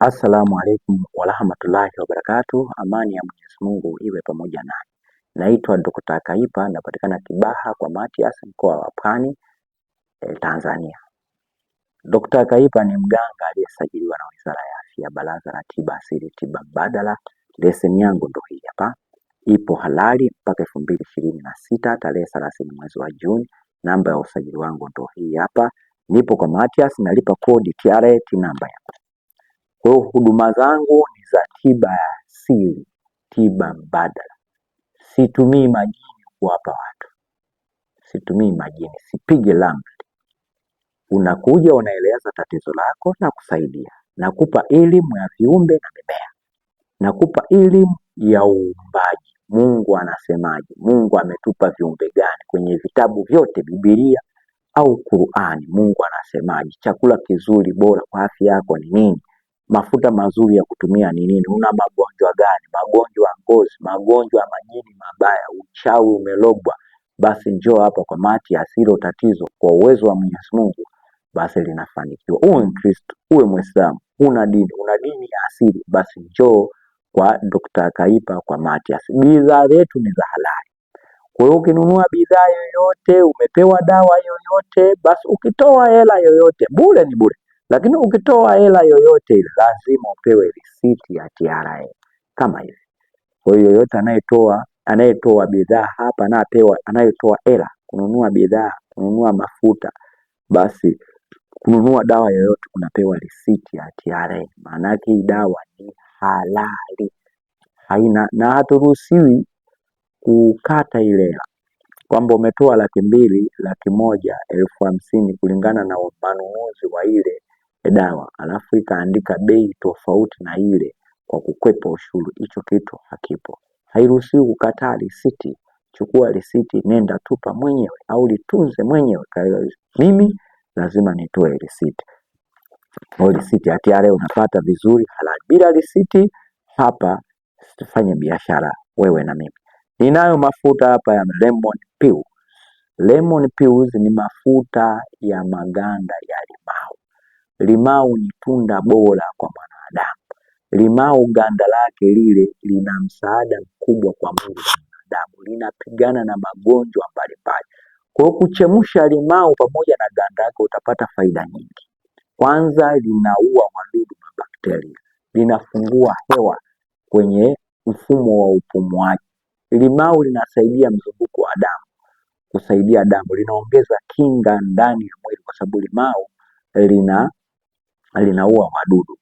Assalamu alaikum warahmatullahi wabarakatuh, amani ya Mwenyezi Mungu iwe pamoja nanyi. Naitwa Dr. Kaipa, napatikana Kibaha kwa Matias, mkoa wa Pwani eh, Tanzania. Dr. Kaipa ni mganga aliyesajiliwa na Wizara ya Afya, Baraza la Tiba Asili, Tiba Mbadala. Leseni yangu ndo hii hapa, ipo halali mpaka elfu mbili ishirini na sita tarehe thelathini mwezi wa Juni. Namba ya usajili wangu ndo hii hapa, nipo kwa Matias, nalipa kodi TRA, namba yangu kwa hiyo huduma zangu ni za tiba ya asili, tiba mbadala. Situmii majini kuwapa watu, situmii majini, sipige ramli. Unakuja unaeleza tatizo lako na kusaidia. Nakupa elimu ya viumbe na mimea, nakupa elimu ya uumbaji. Mungu anasemaje? Mungu ametupa viumbe gani? Kwenye vitabu vyote, Biblia au Qurani, Mungu anasemaje? Chakula kizuri bora kwa afya yako ni nini? mafuta mazuri ya kutumia ni nini? Una magonjwa gani? Magonjwa ya ngozi, magonjwa ya majini mabaya, uchawi, umelogwa, basi njoo hapa kwa mati asilo tatizo kwa uwezo wa Mwenyezi Mungu basi linafanikiwa. Uwe Mkristo, uwe Mwislamu, una dini, una dini ya asili, basi njoo kwa Dr. Kaipa, kwa Mathias. Bidhaa zetu ni za halali. Kwa hiyo ukinunua bidhaa yoyote, umepewa dawa yoyote, basi ukitoa hela yoyote, bure ni bure. Lakini ukitoa hela yoyote lazima upewe risiti ya TRA kama hivi. Kwa hiyo yoyote anayetoa anayetoa bidhaa hapa na apewa anayetoa hela kununua bidhaa, kununua mafuta, basi kununua dawa yoyote unapewa risiti ya TRA. Maana yake hii dawa ni halali, haina na haturuhusiwi kukata ile hela kwamba umetoa laki mbili, laki moja, elfu hamsini kulingana na manunuzi wa ile dawa alafu ikaandika bei tofauti na ile kwa kukwepa ushuru, hicho kitu hakipo. Hairuhusiwi kukataa risiti. Chukua risiti, nenda tupa mwenyewe au litunze mwenyewe. Mimi lazima nitoe risiti. Kwa risiti TRA unapata vizuri halali. Bila risiti hapa sifanye biashara wewe na mimi. Ninayo mafuta hapa ya lemon peel. Lemon peels ni mafuta ya maganda ya limao. Limau ni tunda bora kwa mwanadamu. Limau ganda lake lile lina msaada mkubwa kwa mwili wa mwanadamu, linapigana na magonjwa mbalimbali. Kwa hiyo kuchemsha limau pamoja na ganda lake utapata faida nyingi. Kwanza linaua wadudu na bakteria, linafungua hewa kwenye mfumo wa upumuaji. Limau linasaidia mzunguko wa damu, kusaidia damu, linaongeza kinga ndani ya mwili kwa sababu limau lina linaua wadudu.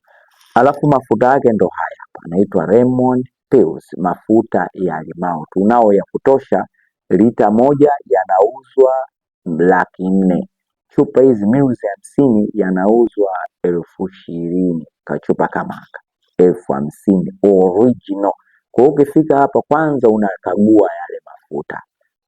Alafu mafuta yake ndo haya anaitwa Lemon Pills, mafuta ya limao. Tunao ya kutosha, lita moja yanauzwa laki nne. Chupa hizi miuzi hamsini yanauzwa elfu ishirini kachupa kama haka elfu hamsini original. Kwa hiyo ukifika hapa kwanza unakagua yale mafuta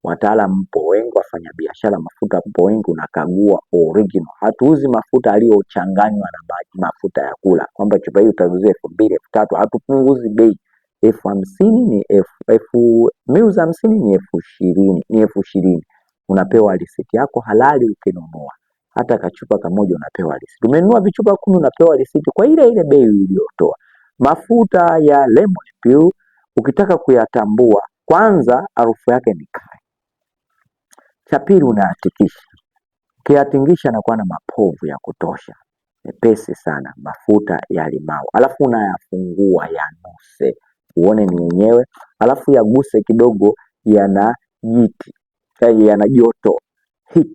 wataalam mpo wengi, wafanyabiashara mafuta mpo wengi, unakagua original. Hatuuzi mafuta aliyochanganywa na mafuta ya kula, kwamba chupa hii utauziwa elfu mbili elfu tatu Hatupunguzi bei, elfu hamsini ni elfu za hamsini ni elfu ishirini ni elfu ishirini Unapewa risiti yako halali ukinunua, hata kachupa kamoja unapewa risiti. Umenunua vichupa kumi, unapewa risiti kwa ile ile bei uliyotoa. Mafuta ya lemon peel ukitaka kuyatambua, kwanza harufu yake ni kali cha pili unaatikisha Ukihatingisha anakuwa na mapovu ya kutosha mepesi sana, mafuta ya limau, alafu unayafungua yanuse, uone ni yenyewe, alafu yaguse kidogo, yana jiti eh, yana joto heat,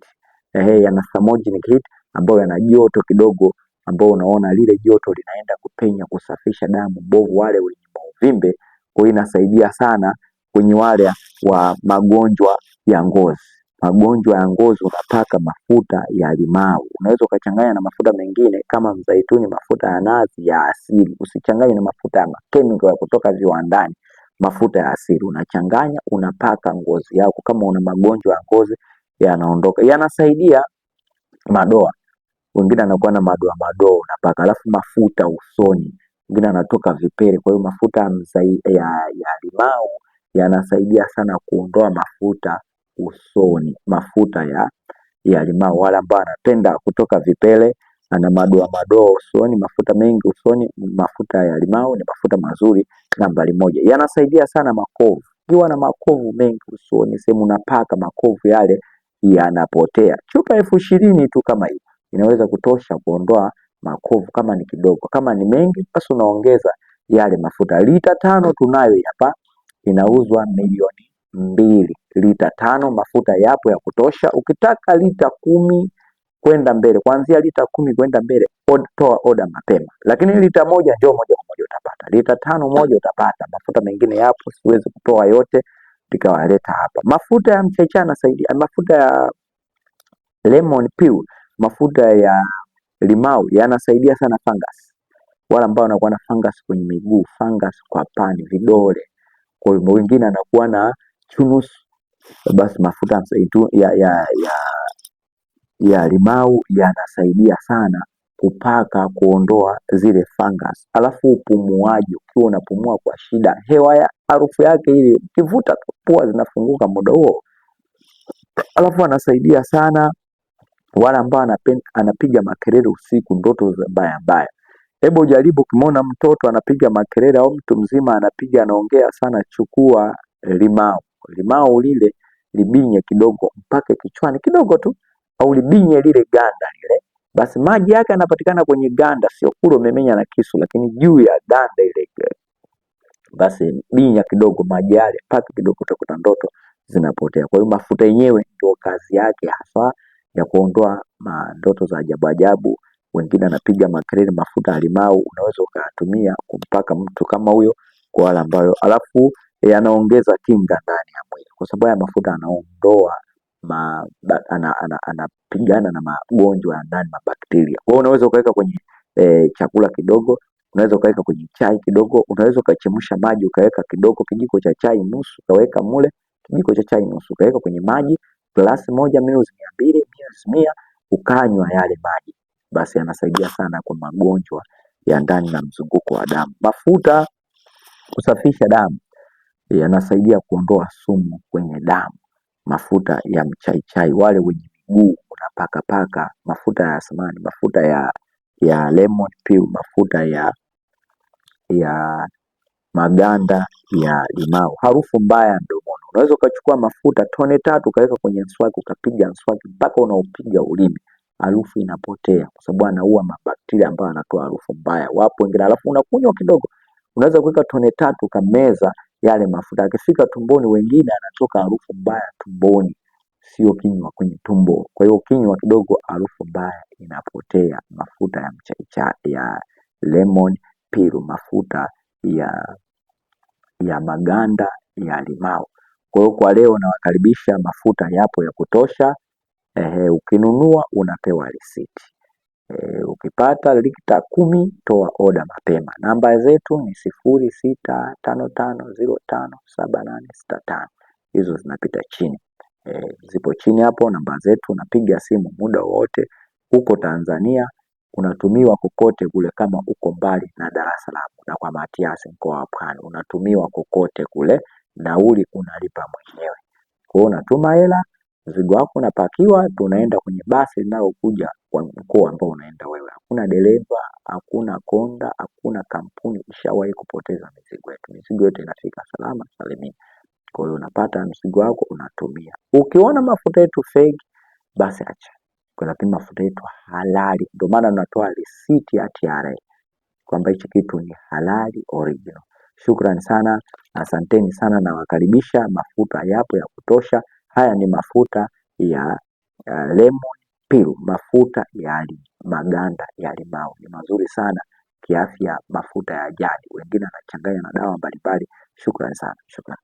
ehe, yana thermogenic heat ambayo yana joto kidogo, ambao unaona lile joto linaenda kupenya kusafisha damu bovu wale wenye mauvimbe. Kwa hiyo inasaidia sana kwenye wale wa magonjwa ya ngozi magonjwa ya ngozi unapaka mafuta ya limau. Unaweza ukachanganya na mafuta mengine kama mzaituni, mafuta ya nazi ya asili. Usichanganye na mafuta ya makemiko ya kutoka viwandani, mafuta ya asili unachanganya, unapaka ngozi yako. Kama una magonjwa ya ngozi yanaondoka, yanasaidia madoa. Wengine anakuwa na madoa madoa, unapaka alafu mafuta usoni, wengine anatoka vipele. Kwa hiyo mafuta ya, ya, ya limau yanasaidia sana kuondoa mafuta usoni, mafuta ya ya limao. Wale ambao anapenda kutoka vipele, ana madoa madoa usoni, mafuta mengi usoni, mafuta ya limao ni mafuta mazuri nambari moja, yanasaidia sana makovu. Ukiwa na makovu mengi usoni, sehemu unapaka makovu yale yanapotea. Chupa elfu ishirini tu kama hii inaweza kutosha kuondoa makovu, kama ni kidogo. Kama ni mengi, basi unaongeza yale mafuta. Lita tano tunayo hapa, inauzwa milioni mbili lita tano. Mafuta yapo ya kutosha. Ukitaka lita kumi kwenda mbele, kuanzia lita kumi kwenda mbele, toa oda mapema, lakini lita moja njoo moja kwa moja utapata, lita tano moja utapata. Mafuta mengine yapo, siwezi kutoa yote nikawaleta hapa. Mafuta ya mchaichai yanasaidia, ah, mafuta ya lemon peel, mafuta ya limau yanasaidia sana fungus, wale ambao wanakuwa na fungus kwenye miguu, fungus kwa pani, vidole. Kwa hiyo mwingine anakuwa na chunusu basi mafuta ya, ya, ya, ya limau yanasaidia sana kupaka kuondoa zile fungus. Alafu upumuaji, ukiwa unapumua kwa shida, hewa ya harufu yake ile ukivuta pua zinafunguka muda huo. Alafu anasaidia sana wale ambao anapiga makelele usiku, ndoto za mbaya mbaya. Hebu jaribu, ukimwona mtoto anapiga makelele au mtu mzima anapiga anaongea sana, chukua limau limao lile libinye kidogo, mpaka kichwani kidogo tu, au libinye lile ganda lile, basi maji yake yanapatikana kwenye ganda, sio kule umemenya na kisu, lakini juu ya ganda ile, basi binya kidogo maji yale, pake kidogo, utakuta ndoto zinapotea. Kwa hiyo mafuta yenyewe ndio kazi yake hasa ya kuondoa ndoto za ajabu ajabu. Wengine anapiga makelele, mafuta alimau, unaweza ukatumia kumpaka mtu kama huyo, kwa wale ambayo, alafu yanaongeza kinga ndani kwa sababu haya mafuta anaondoa ma, anapigana ana, ana na magonjwa ya ndani mabakteria. Kwa hiyo unaweza ukaweka kwenye e, chakula kidogo, unaweza ukaweka kwenye chai kidogo, unaweza ukachemsha maji ukaweka kidogo, kijiko cha chai nusu ukaweka mule, kijiko cha chai nusu ukaweka kwenye maji glasi moja, mililita mia mbili, mililita mia, ukanywa yale maji, basi yanasaidia sana kwa magonjwa ya ndani na mzunguko wa damu. Mafuta kusafisha damu Eh, yanasaidia kuondoa sumu kwenye damu. Mafuta ya mchaichai, wale wenye miguu paka mafuta ya samani, mafuta ya ya lemon peel, mafuta ya ya maganda ya limau, harufu mbaya mdomoni. Unaweza ukachukua mafuta tone tatu ukaweka kwenye mswaki, ukapiga mswaki mpaka unaopiga ulimi, harufu inapotea, kwa sababu anaua mabakteria ambayo anatoa harufu mbaya. Wapo wengine, alafu unakunywa kidogo, unaweza kuweka tone tatu ukameza yale mafuta. Akifika tumboni, wengine anatoka harufu mbaya tumboni, sio kinywa, kwenye tumbo. Kwa hiyo kinywa kidogo harufu mbaya inapotea. Mafuta ya mchaichai, ya lemon piru, mafuta ya ya maganda ya limau. Kwa hiyo kwa leo nawakaribisha, mafuta yapo ya kutosha. Ehe, ukinunua unapewa risiti. E, ukipata lita kumi toa oda mapema. Namba zetu ni sifuri sita tano tano ziro tano saba nane sita tano, hizo zinapita chini e, zipo chini hapo namba zetu. Unapiga simu muda wowote uko Tanzania, unatumiwa kokote kule, kama uko mbali na Dar es Salaam na kwa Matiasi mkoa wa Pwani, unatumiwa kokote kule, nauli unalipa mwenyewe. kwao, unatuma hela mzigo wako unapakiwa, tunaenda kwenye basi linalokuja kwa mkoa ambao unaenda wewe. Hakuna dereva, hakuna konda, hakuna kampuni ishawahi kupoteza mizigo yetu. Mizigo yote inafika salama salimini. Kwa hiyo unapata mzigo wako unatumia. Ukiona mafuta yetu fake, basi acha lakini mafuta yetu halali. Ndio maana tunatoa risiti ya TRA kwamba hichi kitu ni halali original. Shukrani sana, asanteni sana, nawakaribisha. Mafuta yapo ya kutosha. Haya ni mafuta ya eh, lemon peel mafuta ya maganda ya limau. Ni mazuri sana kiafya, mafuta ya jadi. Wengine wanachanganya na dawa mbalimbali. Shukrani sana, shukrani.